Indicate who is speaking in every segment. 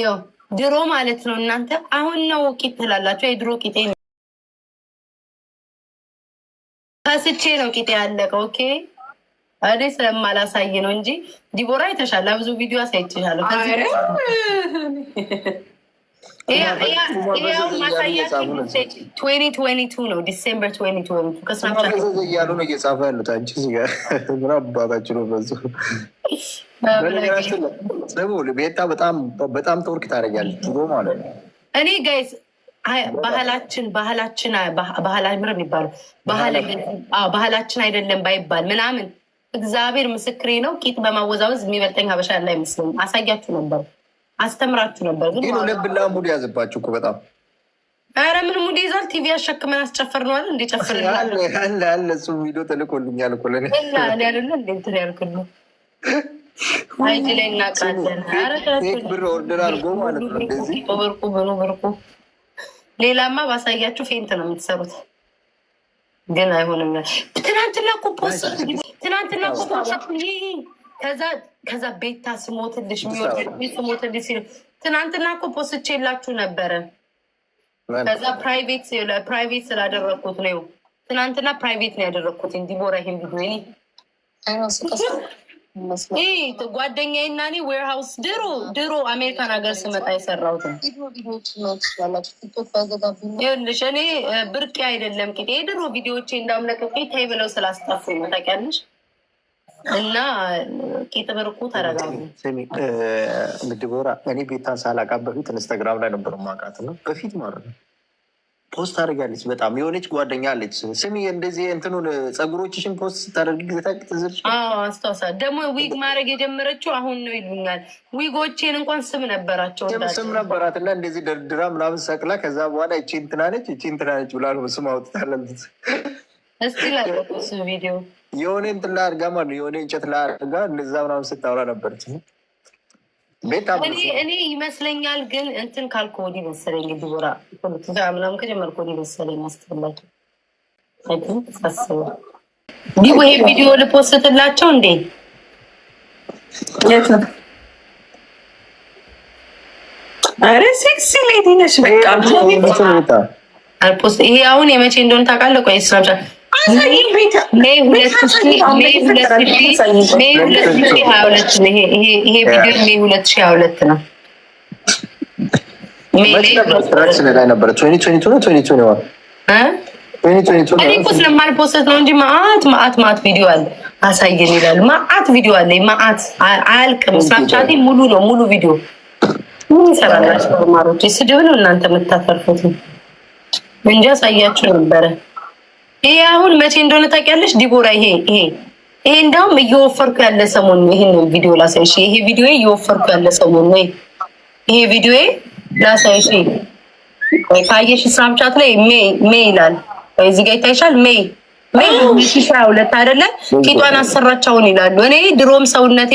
Speaker 1: ይኸው ድሮ ማለት ነው እናንተ አሁን ነው ቂጥ ትላላችሁ። የድሮ ቂጤ ከስቼ ነው ቂጤ ያለቀ። ኦኬ እኔ ስለማላሳይ ነው እንጂ ዲቦራ ይተሻለ ብዙ ቪዲዮ አሳይችሻለሁ። ነው እያሉ
Speaker 2: ነው እየጻፈ ያሉት። አንቺ ምን አባታችሁ ነው? በዙ በነገራችን ደግሞ ቤታ በጣም ተወርክ ታደርጊያለሽ ድሮ ማለት ነው።
Speaker 1: እኔ ጋይስ ባህላችን ባህላችን ባህላ ምር የሚባሉ ባህላችን አይደለም ባይባል ምናምን እግዚአብሔር ምስክሬ ነው። ቂጥ በማወዛወዝ የሚበልጠኝ ሀበሻ ላይ አይመስለኝም። አሳያችሁ ነበር አስተምራችሁ ነበር።
Speaker 2: ግን ለብላ ሙድ ያዘባችሁ እኮ በጣም
Speaker 1: ኧረ ምን ሙድ ይዛል? ቲቪ አሸክመን አስጨፈር ነው አለ እንዴ? ጨፈር
Speaker 2: አለ እሱ ቪዲዮ ተልኮልኛል እኮ ለእኔ
Speaker 1: አይደለ እንደ እንትን ያልኩት ነው። አይዲ ላይ እናውቃለን።
Speaker 2: ብር ኦርደር አድርጎ ማለት ነው።
Speaker 1: ብርቁ ብሩ ብርቁ። ሌላማ ባሳያችሁ ፌንት ነው የምትሰሩት፣ ግን አይሆንም። ትናንትና ኮፖስ ትናንትና ኮፖስ ከዛ ከዛ ቤታ ስሞትልሽ ሚወድ ስሞትልሽ ሲሉ ትናንትና እኮ ፖስቼ የላችሁ ነበረ። ከዛ ፕራይቬት ፕራይቬት ስላደረግኩት ነው። ትናንትና ፕራይቬት ነው ያደረግኩት። እንዲቦራ ይሄን ቪዲዮ እኔ ጓደኛዬ እና እኔ ዌርሃውስ ድሮ ድሮ አሜሪካን ሀገር ስመጣ የሰራሁት
Speaker 2: ይኸውልሽ፣
Speaker 1: እኔ ብርቅ አይደለም ቂጤ የድሮ ቪዲዮዎቼ እንዳምለቀ ተይ ብለው ስላስጠፉ ነው ታውቂያለሽ። እና ቄጥብር እኮ ተረጋጉ።
Speaker 2: ዲቦራ እኔ ቤታን ሳላውቃት በፊት ኢንስታግራም ላይ ነበር ማውቃት ነው በፊት ማለት ነው። ፖስት አድርጋለች በጣም የሆነች ጓደኛ አለች። ስሚ እንደዚህ እንትኑን ፀጉሮችሽን ፖስት ስታደርግ ጊዜ ታቅጥዝር
Speaker 1: አስታውሳ ደግሞ ዊግ ማድረግ የጀመረችው አሁን ነው ይሉኛል። ዊጎቼን እንኳን ስም ነበራቸው
Speaker 2: ስም ነበራት እና እንደዚህ ደርድራ ምናምን ሰቅላ ከዛ በኋላ እቺ እንትናነች እቺ እንትናነች ብላ ስም አውጥታለች።
Speaker 1: እስቲ ላለ ቪዲዮ
Speaker 2: የሆነ እንትን ላድርጋ ማለት የሆነ እንጨት ላድርጋ እንደዛ ምናምን ስታወራ ነበረች።
Speaker 1: እኔ ይመስለኛል ግን እንትን ካልኮ ወዲ መሰለኝ ዲቦራ ፖለቲካ ምናምን ከጀመርኮ ወዲ መሰለኝ አስብላቸው ሳስበ ዲቦ ይሄ ቪዲዮ ልፖስትላቸው እንዴ አረ ሴክሲ ሌዲ ነሽ በቃ ይሄ አሁን የመቼ እንደሆነ ታውቃለህ? ቆይ ስራምቻ ስለማልፖስት ነው እንጂ መዓት መዓት ሙሉ ነው። ሙሉ ቪዲዮ ምን ይሰራላችሁ? ስድብ ነው እናንተ የምታተርፉት እንጂ አሳያችሁ ነበረ። ይሄ አሁን መቼ እንደሆነ ታውቂያለሽ ዲቦራ? ይሄ ይሄ ይሄ እንዳውም እየወፈርኩ ያለ ሰሞን ይሄ ነው። ቪዲዮ ላሳይሽ። ይሄ ቪዲዮ እየወፈርኩ ያለ ሰሞን ነው። ይሄ ቪዲዮ ላሳይሽ። ካየሽ ስናፕቻት ላይ ሜ ሜ ይላል። ወይ እዚህ ጋር ይታይሻል። ሜ ሜ ሺሻ ሁለት አይደለ? ቂጧን አሰራቻውን ይላሉ። እኔ ድሮም ሰውነቴ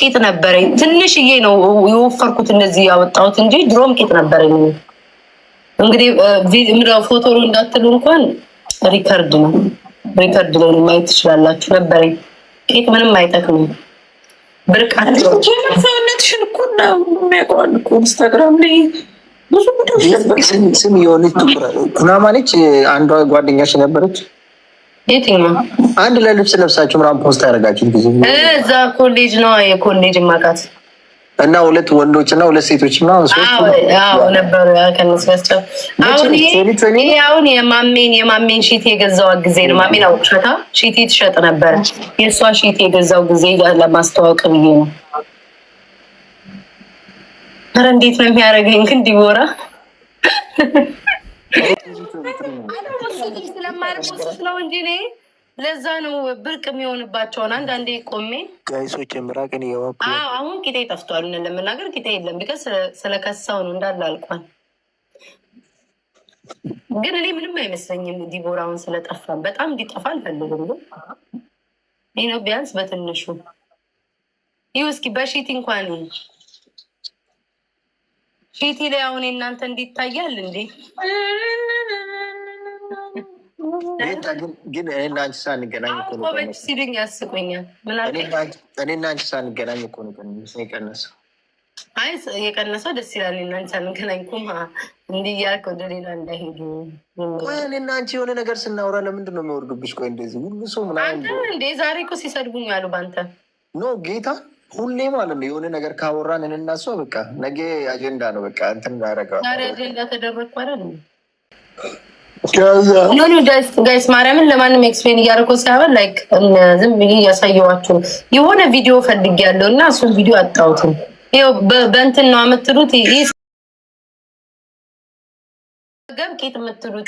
Speaker 1: ቂጥ ነበረኝ። ትንሽዬ ነው የወፈርኩት እንደዚህ ያወጣሁት እንጂ ድሮም ቂጥ ነበረኝ። እንግዲህ ፎቶ እንዳትሉ እንኳን ሪከርድ ነው። ሪከርድ ነው ማየት ትችላላችሁ። ነበረኝ ኬክ ምንም አይጠቅምም።
Speaker 2: ብርቃሰውነትሽን እኮ የሚያውቀዋል እኮ ኢንስታግራም ላይ ብዙ ስም የሆነች ኩናማ ነች። አንዷ ጓደኛሽ ነበረች። የትኛው አንድ ላይ ልብስ ለብሳችሁ ምናምን ፖስት ያደረጋችሁ ጊዜ
Speaker 1: እዛ ኮሌጅ ነው የኮሌጅ ማቃት
Speaker 2: እና ሁለት ወንዶች እና ሁለት ሴቶች እና
Speaker 1: ነበሩ ከነሱ ጋር አሁን የማሜን የማሜን ሺት የገዛው ጊዜ ነው። ማሜን አውቅሻታ ሺቴ ትሸጥ ነበር። የእሷ ሺት የገዛው ጊዜ ለማስተዋወቅ ብዬ ነው። ኧረ እንዴት ነው የሚያደርገኝ ግን ዲቦራ ስለማርቆስ ነው እንጂ ለዛ ነው ብርቅ የሚሆንባቸውን አንዳንዴ ቆሜ
Speaker 2: ቀይሶች ምራቅን እያዋኩ
Speaker 1: አሁን ቂጤ ጠፍቷል። ለመናገር ቂጤ የለም ቢቀር ስለከሳው ነው እንዳለ አልቋል። ግን እኔ ምንም አይመስለኝም ዲቦራውን ስለጠፋ በጣም እንዲጠፋ አልፈልግም። ግን ነው ቢያንስ በትንሹ ይህ እስኪ በሺቲ እንኳን ሺቲ ላይ አሁን እናንተ እንዲታያል እንዴ
Speaker 2: ግን እኔና አንቺ ሳንገናኝ እኮ ነው
Speaker 1: ሲሉኝ ያስቁኛል።
Speaker 2: አንቺ ሳንገናኝ እኮ ነው የቀነሰው።
Speaker 1: አይ የቀነሰው ደስ ይላል። እኔና አንቺ ሳንገናኝ ኩማ እንዲህ እያልክ ወደ ሌላ እንዳይሄዱ።
Speaker 2: አንቺ የሆነ ነገር ስናወራ ለምንድን ነው የሚወርዱብሽ? ቆይ እንደዚህ ሁሉ ሰው
Speaker 1: ምናምን እንዴ! ዛሬ እኮ ሲሰድቡኝ አሉ በአንተ
Speaker 2: ኖ ጌታ ሁሌ ማለት ነው የሆነ ነገር ካወራን እንናሷ በቃ ነገ አጀንዳ ነው በቃ እንትን
Speaker 1: ጋይስ ማርያምን ለማንም ኤክስፕሌን እያደረኩ ሳይሆን ላይክ ዝም ብዬ እያሳየኋችሁ የሆነ ቪዲዮ ፈልጌያለሁ እና እሱን ቪዲዮ አጣሁትም። ይኸው በእንትን ነው የምትሉት ገብ ቄጥ የምትሉት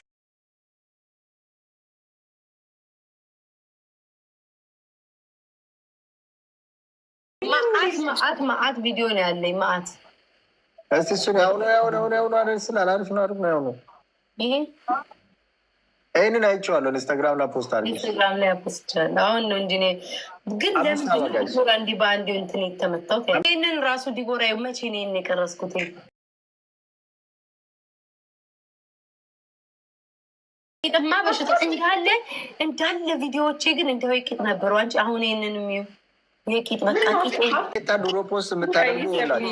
Speaker 1: መአት መአት ቪዲዮ ነው ያለኝ መአት
Speaker 2: እስቲ እሱን ያው ነው ያው ነው ያው ነው አደል ስላል አሪፍ ነው አሪፍ ነው ያው ነው ይሄ ይህንን አይቼዋለሁ። ኢንስታግራም ላይ ፖስት አድርጌ
Speaker 1: ኢንስታግራም ላይ ፖስት አሁን ነው እንጂ ግን ለምንድን ዲቦራ እንዲህ በአንድ እንትን የተመታሁት? ይህንን ራሱ ዲቦራ መቼ ይህን የቀረስኩት? ቂጥማ በሽታ እንዳለ እንዳለ ቪዲዮዎቼ ግን እንደው የቂጥ ነበሩ። አንቺ አሁን ይህንን የሚው የቂጥ በቃ
Speaker 2: ቂጥ ድሮ ፖስት የምታደርጉ ይላል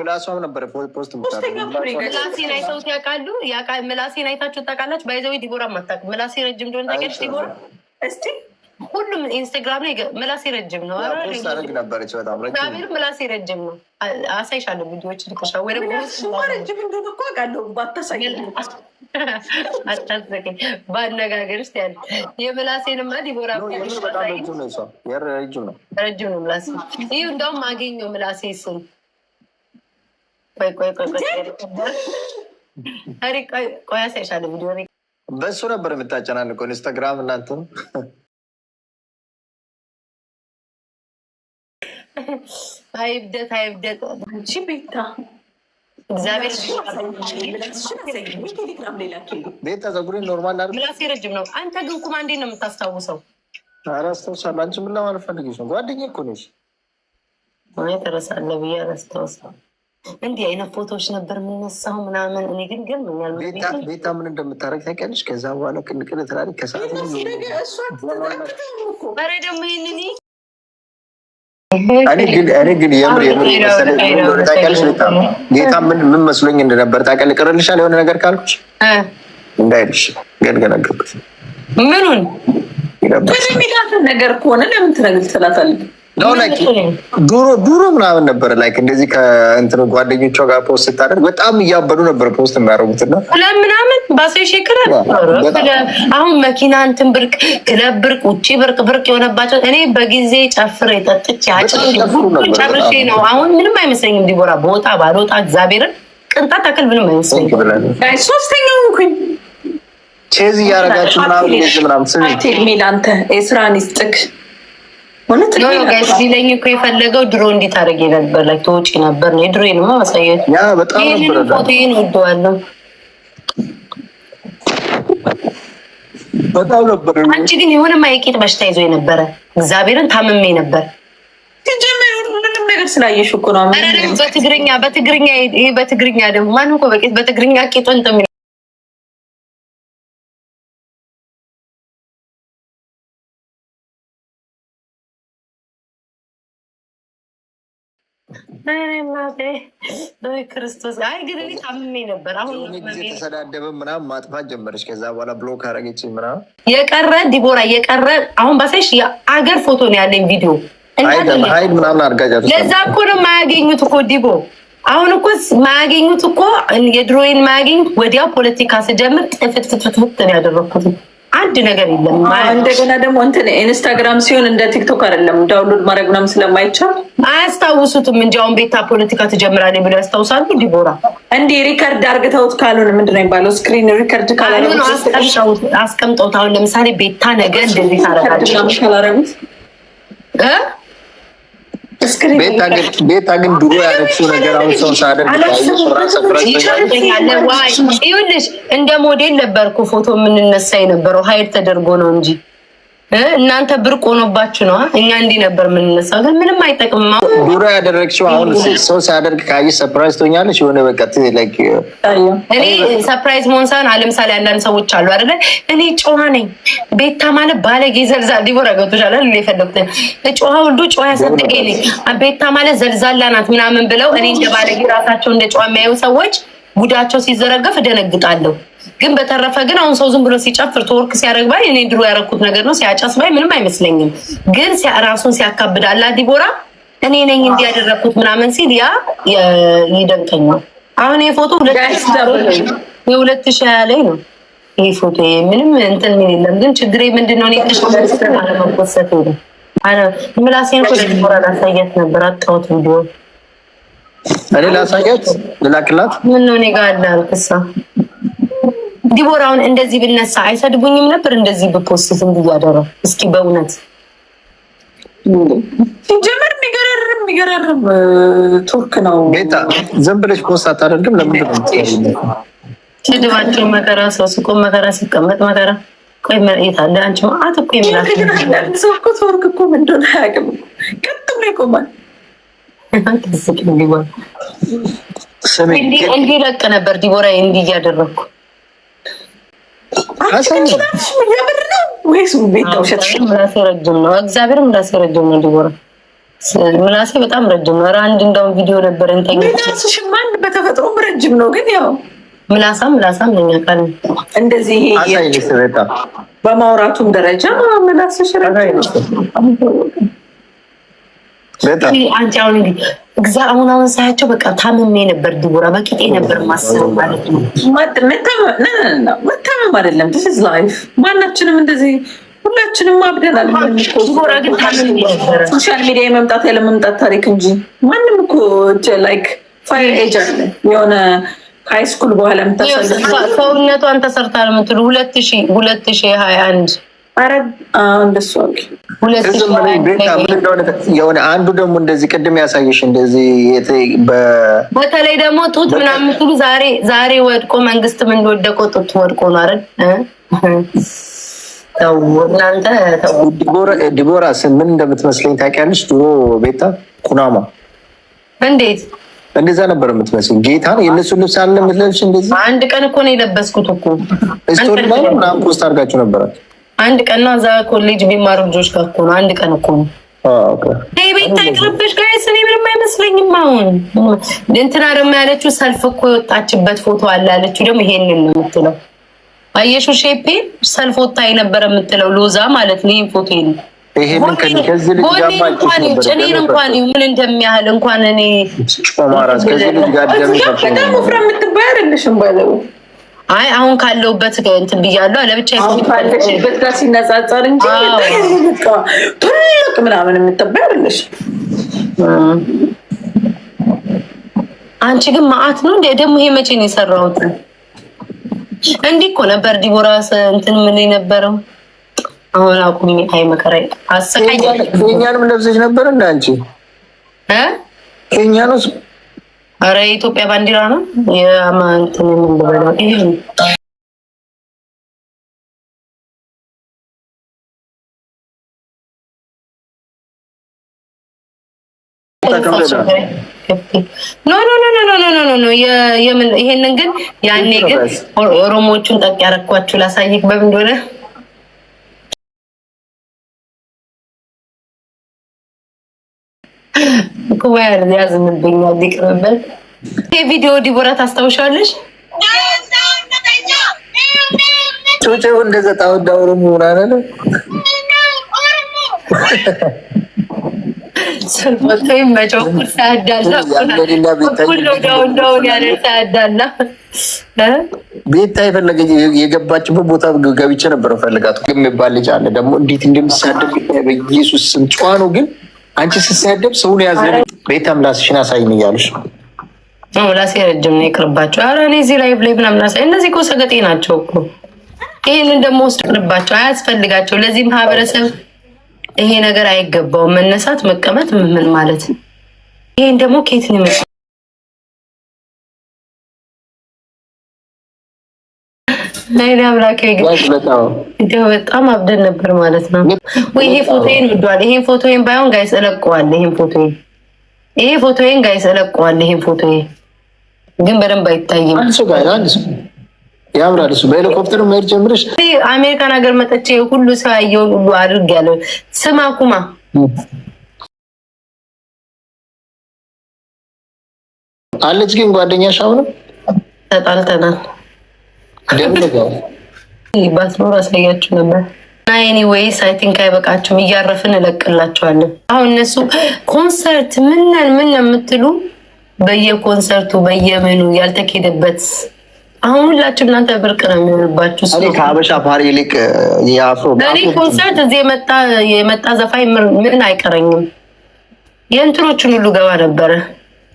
Speaker 2: ምላሷም ነበረ ፖስት
Speaker 1: ያውቃሉ። ምላሴን አይታችሁ ታውቃላችሁ። ባይዘዊ ዲቦራ ማታውቅ ምላሴ ረጅም እንደሆነ ታውቂያለሽ ዲቦራ እስቲ ሁሉም ኢንስታግራም ላይ ምላሴ ረጅም ነው።
Speaker 2: ረጅም ነበረች
Speaker 1: ምላሴ ረጅም ነው። አሳይሻለሁ ቪዲዮዎች ልክሻ ወይ
Speaker 2: ደግሞ ረጅም እንደሆነ እኮ አውቃለሁ። ባታሳይ
Speaker 1: አታዘቀኝ በአነጋገር ውስጥ ያለ የምላሴንማ ዲቦራ ረጅም ነው ረጅም ነው ምላሴ። ይህ እንደውም አገኘው ምላሴ ስም ቆይ ቆይ ቆይ ቆይ ቆይ አሳይሻለሁ ቪዲዮ
Speaker 2: በእሱ ነበር የምታጨናንቀው ኢንስታግራም እናንተ
Speaker 1: አይብደት አይብደት አንቺ ቤታ
Speaker 2: ቤታ ፀጉሬን ኖርማል አይደል?
Speaker 1: ምላሴ ረጅም ነው። አንተ ግን ቁማ እንዴት ነው የምታስታውሰው?
Speaker 2: ኧረ አስታውሳለሁ። አንቺ ምን ለማለት ነው? ጓደኛዬ እኮ ነሽ።
Speaker 1: ብዬ እንዲህ አይነት ፎቶዎች ነበር የምነሳው ምናምን። እኔ ግን ግን
Speaker 2: ቤታ ምን እንደምታረግ ታውቂያለሽ። ከዛ በኋላ ቅንቅን ትላለች። ከሰዓት
Speaker 1: ደግሞ ይህንን
Speaker 2: እኔ ግን የምር የምር ታውቂያለሽ፣ ጌታ ምን ምን መስሎኝ እንደነበር ታውቂያለሽ። ቅርልሻል የሆነ ነገር ካልኩሽ እንዳይልሽ ገንገናገበት
Speaker 1: ምኑን ነገር ከሆነ ለምን ትነግል ትላታለህ?
Speaker 2: ነው ላይክ ምናምን ነበር ላይክ እንደዚህ ከእንትን ጓደኞቿ ጋር ፖስት ስታደርግ በጣም እያበዱ ነበር ፖስት የሚያደርጉት እና
Speaker 1: ክለብ ምናምን ባሰ ይሸክላል። አሁን መኪና እንትን ብርቅ፣ ክለብ ብርቅ፣ ውጭ ብርቅ ብርቅ የሆነባቸው እኔ በጊዜ ጨፍር የጠጥች ጨርሼ ነው። አሁን ምንም አይመስለኝም። ዲቦራ ቦታ ባልወጣ እግዚአብሔርን ቅንጣት አክል ምንም አይመስለኝም። ሶስተኛው ኩኝ
Speaker 2: ቼዝ እያረጋችሁ ምናምን
Speaker 1: ምናምን ስሚ አንተ ኤስራን ይስጥክ ሊለኝ እኮ የፈለገው ድሮ እንዲት አደረግ ነበር ላይ ተወጪ ነበር ነው የድሮ ንማ ማሳየት ፎቶን ወደዋለሁ።
Speaker 2: በጣም ነበር።
Speaker 1: አንቺ ግን የሆነ ማይቄጥ በሽታ ይዞ የነበረ እግዚአብሔርን ታምሜ ነበር። ነገር ስላየሽ እኮ ነው። በትግርኛ በትግርኛ ይሄ በትግርኛ ደግሞ ማንም እኮ በቄጥ በትግርኛ ቄጦ እንትን ክርስቶስ አይ ግን እኔ ታምሜ ነበር።
Speaker 2: አሁን የተሰዳደበ ምናምን ማጥፋት ጀመረች። ከዛ በኋላ ብሎክ አረገች ምናምን።
Speaker 1: የቀረ ዲቦራ የቀረ አሁን ባሳይሽ የአገር ፎቶ ነው ያለኝ ቪዲዮ
Speaker 2: ሀይል ምናምን አድርጋጃት።
Speaker 1: ለዛ እኮ ነው የማያገኙት እኮ ዲቦ። አሁን እኮ የማያገኙት እኮ የድሮዬን የማያገኙት። ወዲያው ፖለቲካ ስጀምር ጥፍትፍትፍት ነው ያደረግኩት። አንድ ነገር የለም። እንደገና ደግሞ እንትን ኢንስታግራም ሲሆን እንደ ቲክቶክ አይደለም፣ ዳውንሎድ ማድረግ ምናምን ስለማይቻል አያስታውሱትም እንጂ አሁን ቤታ ፖለቲካ ትጀምራለች ብሎ ያስታውሳሉ። ዲቦራ እንዲህ ሪከርድ አርግተውት ካልሆነ ምንድን ነው የሚባለው? ስክሪን ሪከርድ ካልሆነ አስቀምጠውት አሁን ለምሳሌ ቤታ ነገ እንደዚህ
Speaker 2: ታረጋለች ካላረጉት ቤታ ግን ድሮ ያለችው ነገር አሁን ሰው ሳደርግ
Speaker 1: ይኸውልሽ፣ እንደ ሞዴል ነበርኩ ፎቶ የምንነሳ የነበረው ሀይል ተደርጎ ነው እንጂ እናንተ ብርቅ ሆኖባችሁ ነው። እኛ እንዲህ ነበር የምንነሳው፣ ግን ምንም አይጠቅምም።
Speaker 2: ዱሮ ያደረግሽው አሁን ሰው ሲያደርግ ካየ ሰፕራይዝ ትሆኛለሽ። የሆነ በቃ
Speaker 1: እኔ ሰፕራይዝ መሆን ሳይሆን አለምሳሌ አንዳንድ ሰዎች አሉ አይደለ? እኔ ጨዋ ነኝ ቤታ ማለት ባለጌ ዘልዛል ዲቦራ ገብቶሻል አይደል? የፈለጉት ጨዋ ሁሉ ጨዋ ያሳደገ ነኝ ቤታ ማለት ዘልዛላ ናት ምናምን ብለው እኔ እንደ ባለጌ ራሳቸው እንደ ጨዋ የሚያዩ ሰዎች ጉዳቸው ሲዘረገፍ እደነግጣለሁ። ግን በተረፈ ግን አሁን ሰው ዝም ብሎ ሲጨፍር ተወርክ ሲያደርግ ባይ እኔ ድሮ ያደረኩት ነገር ነው። ሲያጨስ ባይ ምንም አይመስለኝም። ግን ራሱን ሲያካብዳላ ዲቦራ እኔ ነኝ እንዲህ ያደረኩት ምናምን ሲል ያ ይደንቀኛል። አሁን ይህ ፎቶ የሁለት ሺ ሀያ ላይ ነው። ይህ ፎቶ ምንም እንትን ምን የለም። ግን ችግሬ ምንድነው ተሸ አለመቆሰት ሄደ ምላሴን ዲቦራ ላሳያት ነበር አጣሁት ቪዲዮ
Speaker 2: እኔ ላሳያት ልላክላት
Speaker 1: ምን ነው እኔ ጋር አለ አልክሳ ዲቦራውን እንደዚህ ብነሳ አይሰድቡኝም ነበር? እንደዚህ ብፖስት ብያደረ እስኪ በእውነት ጀመር። የሚገረርም የሚገረርም ቱርክ ነው
Speaker 2: ቤታ። ዝም ብለሽ ፖስት አታደርግም? ለምንድን
Speaker 1: ስድባቸው? መከራ ሰው ስቆ መከራ፣ ሲቀመጥ መከራ። ቆይ መሬት አለ አንቺ ማአት እኮ የሚላል ሰው እኮ ቱርክ እኮ ምንድን አያውቅም። ቀጥ ብሎ ይቆማል። እንዲለቅ ነበር ዲቦራ እንዲህ እያደረግኩ ምላሴ ረጅም ነው። እግዚአብሔር ምላሴ ረጅም ነው። ዲቦራ ምላሴ በጣም ረጅም ነው። አንድ እንደውም ቪዲዮ ነበር ሽማን በተፈጥሮም ረጅም ነው፣ ግን ያው ምላሳም ምላሳም ነኝ አውቃለሁ። እንደዚህ በማውራቱም ደረጃ ምላሴ ረጅም ነው። አንቺ አሁን እንግዲህ አሁን አሁን ሳያቸው በቃ ታምሜ ነበር፣ ድቡራ በቂጤ ነበር ማሰብ ማለት ነው። መታመም አይደለም ስ ላይፍ ማናችንም እንደዚህ ሁላችንም አብደናል። ሶሻል ሚዲያ የመምጣት ያለመምጣት ታሪክ እንጂ ማንም እኮ ላይክ ፋይር ኤጅ አለ የሆነ ሃይስኩል በኋላ ሰውነቷን ተሰርታ ለምትሉ ሁለት ሺ ሁለት ሺ ሀያ አንድ
Speaker 2: የሆነ አንዱ ደግሞ እንደዚህ ቅድም ያሳየሽ እንደዚህ
Speaker 1: በተለይ ደግሞ ጡት ምናምን የምትሉ ዛሬ ዛሬ ወድቆ መንግስትም እንደወደቀው ጡት ወድቆ ነው አይደል?
Speaker 2: ዲቦራ ምን እንደምትመስለኝ ታውቂያለሽ? ድሮ ቤታ ኩናማ እንዴት እንደዛ ነበር የምትመስል ጌታ ነው የእነሱ ልብስ አለ የምትለብሽ እንደዚህ።
Speaker 1: አንድ ቀን እኮ ነው የለበስኩት እኮ
Speaker 2: ስቶሪ ላይ ምናምን ፖስት አድርጋችሁ ነበራችሁ
Speaker 1: አንድ ቀን ነው እዛ ኮሌጅ የሚማሩ ልጆች ጋር ነው። አንድ ቀን እኮ ነው። ቤት ታቅርብሽ ጋይስ፣ እኔ ምንም አይመስለኝም። አሁን እንትና ደግሞ ያለችው ሰልፍ እኮ የወጣችበት ፎቶ አለ ያለችው ደግሞ ይሄንን ነው የምትለው። አየሹ ሼፔ ሰልፍ ወጣ የነበረ የምትለው ሎዛ ማለት ነው። ይህን ፎቶ ይሄን ጭኔን እንኳን ምን እንደሚያህል እንኳን እኔ በጣም ወፍራ የምትባይ አይደለሽም ባለው አይ አሁን ካለውበት እንትን ብያለሁ። ለብቻ ካለሽበት ጋር ሲነጻጸር እንጂ ትልቅ ምናምን የምጠበይ አይደለሽ። አንቺ ግን ማአት ነው እንዴ? ደግሞ ይሄ መቼ ነው የሰራሁት? እንዲህ እኮ ነበር ዲቦራስ እንትን ምን የነበረው አሁን አቁሚ። አይ መከራ
Speaker 2: አሰቃኛል። የእኛንም ለብሰሽ ነበር እንደ አንቺ የእኛንስ
Speaker 1: አረ የኢትዮጵያ ባንዲራ ነው የማንትን የምንበለው ይሄ ኖ ኖ ኖ ኖ ኖ ኖ ኖ የምን ይሄንን ግን ያኔ ግን ኦሮሞዎቹን ጠቅ ያረኳችሁ ላሳይክ በምን እንደሆነ ቅወር ያዝንብኛል ይቅርብል። ይህ ቪዲዮ ዲቦራ ታስታውሻለሽ?
Speaker 2: ጩጬው እንደዛ ጣውዳ ኦሮሞ ምናለ ቤታ የፈለገ የገባችበት ቦታ ገብቼ ነበር። ፈልጋት የሚባል ልጅ አለ ደግሞ እንዴት እንደሚሳደብ በኢየሱስ ስም ጨዋ ነው ግን አንቺ ስትሳደብ ሰውን ያዘ ቤታም ምላስሽን አሳይን እያሉሽ ነው።
Speaker 1: ምላሴ ረጅም ነው ይቅርባቸው። አረ እኔ እዚህ ላይ ላይ ምናምን አሳይ። እነዚህ እኮ ሰገጤ ናቸው እኮ ይህንን ደግሞ ውስጥ ቅርባቸው አያስፈልጋቸው ለዚህ ማህበረሰብ ይሄ ነገር አይገባውም። መነሳት መቀመጥ ምን ማለት ነው? ይሄን ደግሞ ኬትን ለይኔ እንደው በጣም አብደን ነበር ማለት ነው። ወይ ይሄ ፎቶዬን ወዷል። ይሄን ፎቶዬን ባይሆን ጋይስ እለቀዋለሁ። ይሄን ፎቶዬን ይሄ ፎቶዬን ጋይስ እለቀዋለሁ። ይሄን ፎቶዬን ግን በደንብ አይታይም።
Speaker 2: ያምራል እሱ በሄሊኮፕተር መሄድ
Speaker 1: አሜሪካን ሀገር መጠቼ ሁሉ ሰው ያየውን ሁሉ ስማ ኩማ
Speaker 2: አለች ግን ጓደኛሽ አሁንም
Speaker 1: ተጣልተናል። ባትኖር አሳያችሁ ነበር። እና ኤኒዌይስ አይ ቲንክ አይበቃችሁም፣ እያረፍን እለቅላቸዋለን። አሁን እነሱ ኮንሰርት ምነን ምን የምትሉ በየኮንሰርቱ በየምኑ ያልተኬደበት አሁን ሁላችሁ እናንተ ብርቅ ነው የሚሆንባችሁ።
Speaker 2: ከሀበሻ ፓሪ ይልቅ
Speaker 1: ኮንሰርት እዚህ የመጣ ዘፋኝ ምን አይቀረኝም የእንትኖችን ሁሉ ገባ ነበረ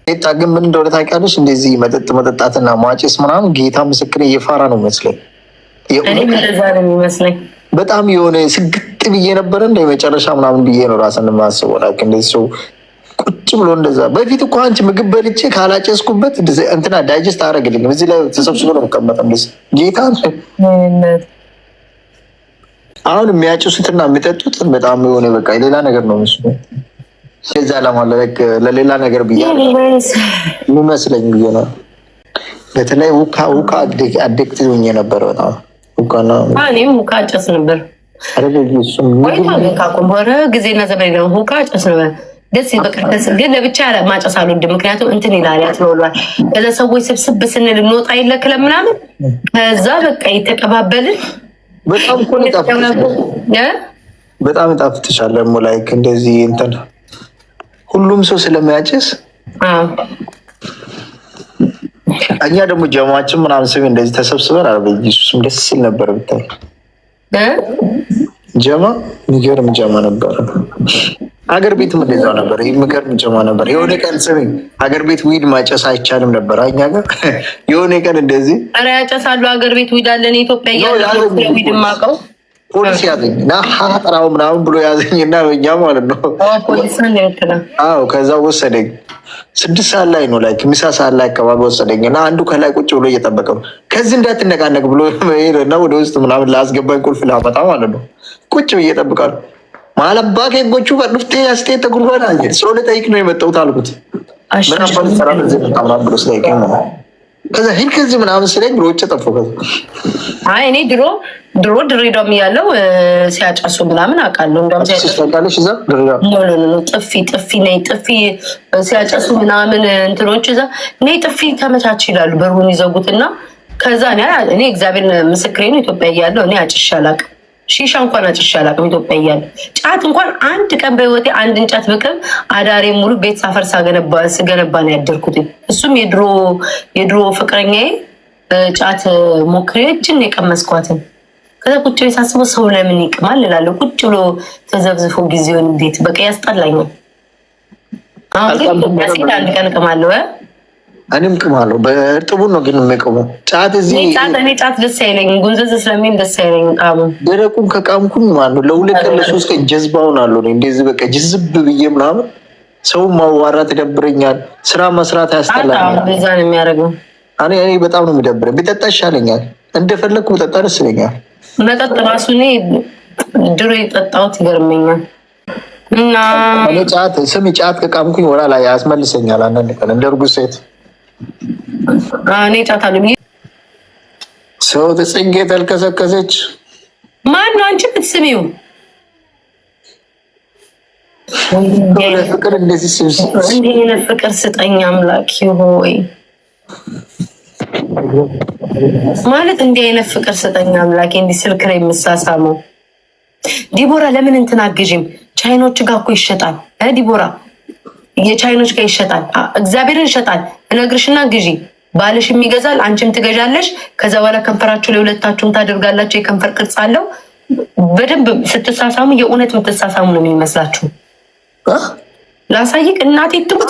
Speaker 2: ጌታ ግን ምን እንደሆነ ታውቂያለሽ? እንደዚህ መጠጥ መጠጣትና ማጨስ ምናምን ጌታ ምስክር እየፋራ ነው መስለኝ በጣም የሆነ ስግጥ ብዬ ነበረ እንደ መጨረሻ ምናምን ብዬ ነው ራስን ማስበው ላ እንደዚህ ሰው ቁጭ ብሎ እንደዛ። በፊት እኮ አንቺ ምግብ በልቼ ካላጨስኩበት እንትና ዳይጀስት አደረግልኝም እዚህ ላይ ተሰብስቦ ነው ቀመጠ እንደዚህ ጌታ አሁን የሚያጭሱትና የሚጠጡት በጣም የሆነ በቃ ሌላ ነገር ነው ምስሉ ሴዛ ለማለቅ ለሌላ ነገር ብያ የሚመስለኝ ብዬ ነው። በተለይ ውካ ውካ አዴክት ሆኜ ነበር። በጣም
Speaker 1: እኔም ውካ ጨስ ነበር። ሆነ ጊዜና ዘመን ነው። ውካ ጨስ ነበር። ደስ ግን ለብቻ ማጨስ አልወድም። ምክንያቱም እንትን ይላል ያትለውሏል። ከዛ ሰዎች ስብስብ ስንል እንወጣ የለክለ ምናምን ከዛ በቃ የተቀባበልን
Speaker 2: በጣም በጣም ጣፍትሻለ እንደዚህ እንትን ሁሉም ሰው ስለሚያጭስ እኛ ደግሞ ጀማችን ምናምን ስሜ እንደዚህ ተሰብስበን አ ኢየሱስም ደስ ሲል ነበር ብታይ ጀማ የሚገርም ጀማ ነበር። አገር ቤትም እንደዛው ነበር። የሚገርም ጀማ ነበር። የሆነ ቀን ስሜ አገር ቤት ዊድ ማጨስ አይቻልም ነበር። እኛ ጋር የሆነ ቀን እንደዚህ
Speaker 1: ኧረ ያጨሳሉ አገር ቤት ዊድ አለን ኢትዮጵያ ዊድ
Speaker 2: ማቀው ፖሊስ ያዘኝ እና ጠራው ምናምን ብሎ ያዘኝ እና እኛ ማለት ነው። ፖሊስ ከዛ ወሰደኝ። ስድስት ሰዓት ላይ ነው ላይክ ምሳ ሰዓት ላይ አካባቢ ወሰደኝ እና አንዱ ከላይ ቁጭ ብሎ እየጠበቀ ነው። ከዚህ እንዳትነቃነቅ ብሎ እና ወደ ውስጥ ምናምን ላስገባኝ ቁልፍ ላመጣ ማለት ነው። ቁጭ ብዬ እጠብቃለሁ። ማለባ ከጎቹ ጋር ዱፍቴ ያስቴ ተጉርጓል። ሰው ልጠይቅ ነው የመጣሁት አልኩት። ምናባ ሰራ ብሎ ስጠይቀኝ ነው ከዛ ሂድ ከዚህ ምናምን ስለኝ ብሎ ውጭ ጠፎ።
Speaker 1: አይ እኔ ድሮ ድሮ ድሬዳውም ያለው ሲያጨሱ ምናምን አውቃለሁ። እንደውም ጥፊ ጥፊ ነይ ጥፊ ሲያጨሱ ምናምን እንትኖች እዛ ነይ ጥፊ ከመቻች ይላሉ። በሩን ይዘጉትና ከዛ እኔ እግዚአብሔር ምስክሬ ነው ኢትዮጵያ እያለው እኔ አጭሻ አላውቅም ሺሻ እንኳን አጭሻ አላውቅም። ኢትዮጵያ እያለ ጫት እንኳን አንድ ቀን በህይወቴ አንድ እንጨት ብቅም አዳሬ ሙሉ ቤት ሳፈር ስገነባ ነው ያደርኩት። እሱም የድሮ ፍቅረኛዬ ጫት ሞክሬ እጅን የቀመስኳትን ከዛ ቁጭ ቤት ሳስበው ሰው ለምን ይቅማል እላለሁ። ቁጭ ብሎ ተዘብዝፎ ጊዜውን ቤት በቃ ያስጠላኛል። አሁን ግን አንድ ቀን እቅማለሁ
Speaker 2: እኔም ቅማለሁ። በእርጥቡ ነው ግን የምቅመው። ጫት እዚህ
Speaker 1: እኔ ጫት ደስ አይለኝም፣ ጉንዘዝ ስለሚል ደስ አይለኝም። ጣሙ
Speaker 2: ደረቁን ከቃምኩኝ ማለ ለሁለት ቀን ለሶስት ቀን ጀዝባውን አለ እንደዚህ በቃ ጅዝብ ብዬ ምናምን ሰው ማዋራት ይደብረኛል። ስራ መስራት ያስጠላኛል።
Speaker 1: ዛ ነው የሚያደርገው።
Speaker 2: እኔ እኔ በጣም ነው የሚደብረ። ብጠጣ ይሻለኛል። እንደፈለግኩ ብጠጣ ደስ ይለኛል።
Speaker 1: መጠጥ ራሱ እኔ ድሮ የጠጣሁት ይገርመኛል። እና
Speaker 2: ጫት ስም ጫት ከቃምኩኝ ወራ ላይ ያስመልሰኛል። አንዳንድ ቀን እንደ እርጉዝ ሴት
Speaker 1: እኔ ጫታለሁ
Speaker 2: ሰው ጽጌ ተልከሰከሰች።
Speaker 1: ማን ነው አንቺ ምትስሚው? ፍቅር እንደዚህ ፍቅር ስጠኝ አምላክ ሆይ ማለት እንዲህ አይነት ፍቅር ስጠኝ አምላኬ። እንዲህ ስልክ ላይ የምሳሳመው ዲቦራ፣ ለምን እንትን አግዥም ቻይኖች ጋር እኮ ይሸጣል ዲቦራ የቻይኖች ጋር ይሸጣል። እግዚአብሔርን ይሸጣል። እነግርሽና ግዢ ባልሽ ይገዛል፣ አንቺም ትገዣለሽ። ከዛ በኋላ ከንፈራችሁ ለሁለታችሁም ታደርጋላችሁ። የከንፈር ቅርጽ አለው። በደንብ ስትሳሳሙ የእውነት የምትሳሳሙ ነው የሚመስላችሁ። ላሳይቅ እናቴ ትሙት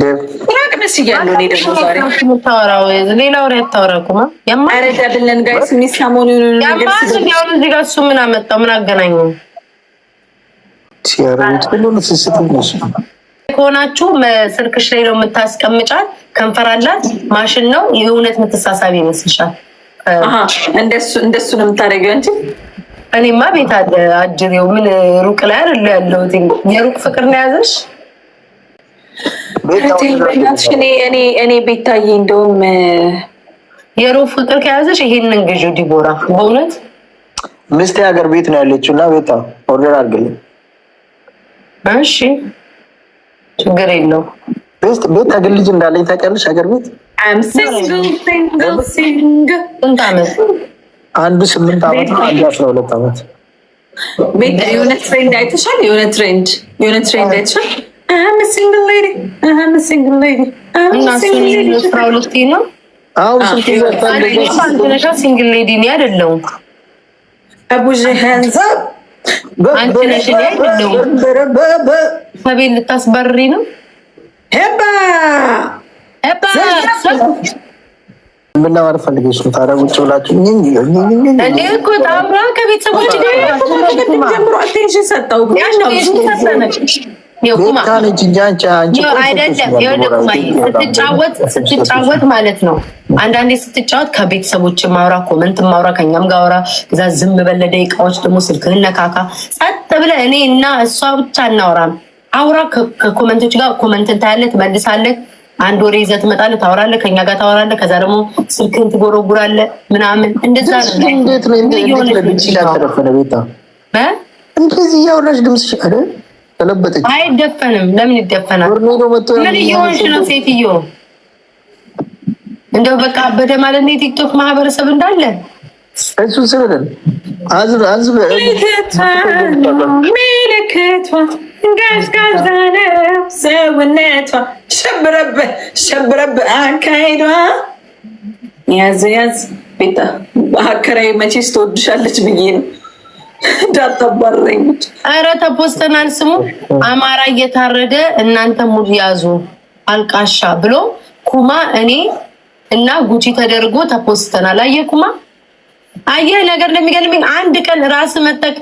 Speaker 1: ምን አመጣው? ምን አገናኙ? ከሆናችሁ ስልክሽ ላይ ነው የምታስቀምጫት። ከንፈር አላት፣ ማሽን ነው። የእውነት የምትሳሳቢ ይመስልሻል? እንደሱ ነው የምታደርጊው አንቺ። እኔማ ቤት አለ አጅሬው ምን ሩቅ ላይ አይደለ ያለሁት። የሩቅ ፍቅር ነው የያዘሽ እኔ ቤታዬ እንደውም የሮብ ፍቅር ከያዘሽ ይሄንን ግዢ ዲቦራ፣ በእውነት
Speaker 2: ምስቴ ሀገር ቤት ነው ያለችው እና ቤታ ኦርደር አድርግልኝ።
Speaker 1: እሺ ችግር የለው።
Speaker 2: ቤት አገር ልጅ እንዳለኝ ታውቂያለሽ? ሀገር ቤት አንዱ ስምንት ዓመት ነው፣ አንዱ አስራ ሁለት ዓመት።
Speaker 1: የሆነ ትሬንድ አይተሻል? የሆነ ትሬንድ የሆነ ትሬንድ አይተሻል? ሲንግል ሌዲ እኔ አይደለሁም። አንቺ ነሽ እኔ አይደለሁም። ከቤት ልታስበሪ ነው።
Speaker 2: ምናወራ ፈልገሽ ነው? ታዲያ ውጭ ብላችሁ
Speaker 1: ከቤተሰቦች ጋር ጀምሮ አቴንሽን ሰጠው ስትጫወት ማለት ነው። አንዳንዴ ስትጫወት ከቤተሰቦች ማውራ፣ ኮመንት ማውራ፣ ከኛም ጋር አውራ። ከዛ ዝም በለ ደቂቃዎች ደግሞ ስልክህን ነካካ፣ ጸጥ ብለ እኔ እና እሷ ብቻ እናውራም። አውራ ከኮመንቶች ጋር ኮመንት ታያለህ፣ ትመልሳለህ። አንድ ወሬ ይዘህ ትመጣለህ፣ ታወራለህ፣ ከኛ ጋር ታወራለህ። ከዛ ደግሞ ስልክህን ትጎረጉራለህ ምናምን። እንደዛ ነው።
Speaker 2: እንዴት ነው እንደዚህ እያወራሽ ድምፅሽ አይደል ተለበጠች።
Speaker 1: አይደፈንም። ለምን ይደፈናል? ምን እየሆንሽ ነው ሴትዮ? እንደው በቃ አበደ ማለት ነው የቲክቶክ ማህበረሰብ እንዳለ
Speaker 2: እሱ አዝብ አዝብ
Speaker 1: ምልክቷ ሰውነቷ ሸብረብ ሸብረብ ያዝ ያዝ ቤታ አከራይ መቼስ ትወድሻለች ብዬ ነው እንዳታባረኝ። ኧረ ተፖስተናል። ስሙ አማራ እየታረደ እናንተ ሙድ ያዙ አልቃሻ ብሎ ኩማ እኔ እና ጉቺ ተደርጎ ተፖስተናል። አየህ ኩማ፣ አየ ነገር ለሚገልም አንድ ቀን ራስ መጠቅ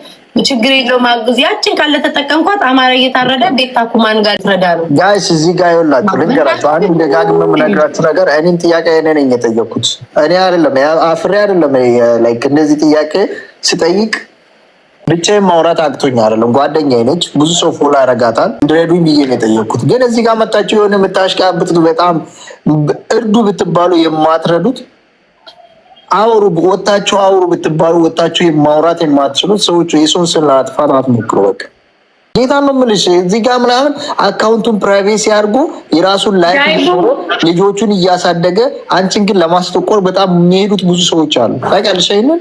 Speaker 1: ችግር የለውም አግዝ። ያችን ካለ ተጠቀምኳት። አማራ እየታረደ ቤታ ኩማን ጋር ልትረዳ ነው።
Speaker 2: ጋይስ እዚህ ጋር ይኸውላችሁ ልንገራችሁ፣ አንድ ደጋግሜ የምነግራችሁ ነገር እኔም ጥያቄ እኔ ነኝ የጠየኩት እኔ አይደለም አፍሬ አይደለም። ላይክ እንደዚህ ጥያቄ ስጠይቅ ብቻዬን ማውራት አቅቶኝ አይደለም። ጓደኛ ነች፣ ብዙ ሰው ፎሎ ያረጋታል። እንድረዱኝ ብዬ ነው የጠየኩት። ግን እዚህ ጋር መታችሁ የሆነ የምታሽቃብጥ በጣም እርዱ ብትባሉ የማትረዱት አውሩ ወታችሁ አውሩ ብትባሉ ወታችሁ ማውራት የማትችሉት ሰዎች የሰውን ስም ለማጥፋት አትሞክሩ። በቃ ጌታ ነው የምልሽ። እዚህ ጋር ምናምን አካውንቱን ፕራይቬሲ አድርጎ የራሱን ላይፍ ልጆቹን እያሳደገ አንቺን ግን ለማስጠቆር በጣም የሚሄዱት ብዙ ሰዎች አሉ። ታውቂያለሽ ይሄንን